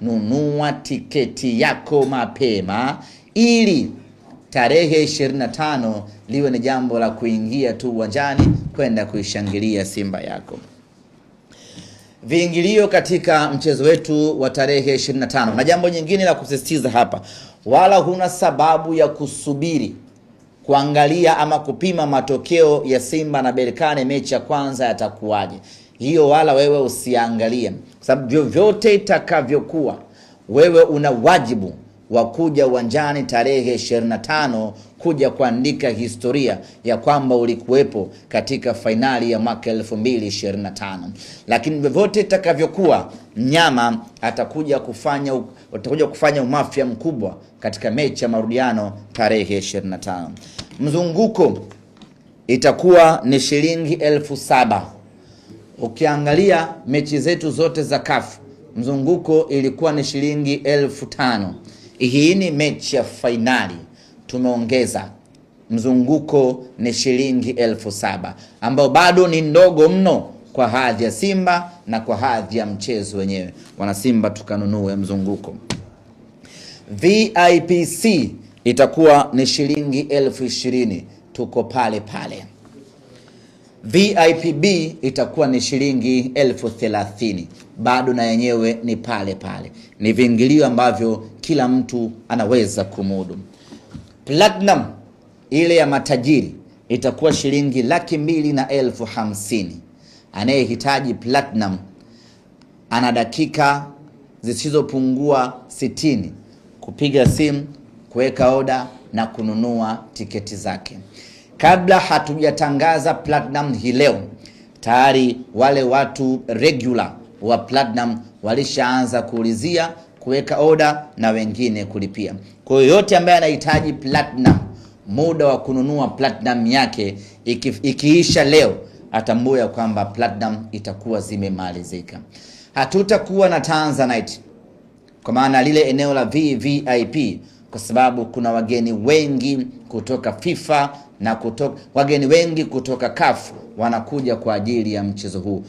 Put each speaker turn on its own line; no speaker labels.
nunua tiketi yako mapema ili tarehe 25 liwe ni jambo la kuingia tu uwanjani kwenda kuishangilia Simba yako. Viingilio katika mchezo wetu wa tarehe 25. Na jambo nyingine la kusisitiza hapa, wala huna sababu ya kusubiri kuangalia ama kupima matokeo ya Simba na Berkane mechi ya kwanza yatakuwaje hiyo wala wewe usiangalie, kwa sababu vyovyote itakavyokuwa, wewe una wajibu wa kuja uwanjani tarehe 25 kuja kuandika historia ya kwamba ulikuwepo katika fainali ya mwaka 2025. Lakini vyovyote itakavyokuwa, mnyama atakuja kufanya atakuja kufanya umafia mkubwa katika mechi ya marudiano tarehe 25. Mzunguko itakuwa ni shilingi elfu saba Ukiangalia mechi zetu zote za kafu mzunguko ilikuwa ni shilingi elfu tano. Hii ni mechi ya fainali, tumeongeza mzunguko ni shilingi elfu saba ambayo bado ni ndogo mno kwa hadhi ya Simba na kwa hadhi ya mchezo wenyewe. Wana Simba, tukanunue mzunguko. VIPC itakuwa ni shilingi elfu ishirini. Tuko pale pale. VIPB itakuwa ni shilingi elfu thelathini. Bado na yenyewe ni pale pale, ni viingilio ambavyo kila mtu anaweza kumudu. Platinum ile ya matajiri itakuwa shilingi laki mbili na elfu hamsini. Anayehitaji platinum ana dakika zisizopungua sitini kupiga simu, kuweka oda na kununua tiketi zake kabla hatujatangaza platinum hii leo, tayari wale watu regular wa platinum walishaanza kuulizia kuweka oda na wengine kulipia. Kwa hiyo yote ambaye anahitaji platinum, muda wa kununua platinum yake iki, ikiisha leo atambua kwamba platinum itakuwa zimemalizika. Hatutakuwa na Tanzanite kwa maana lile eneo la VVIP, kwa sababu kuna wageni wengi kutoka FIFA na kutoka, wageni wengi kutoka kafu wanakuja kwa ajili ya mchezo huu.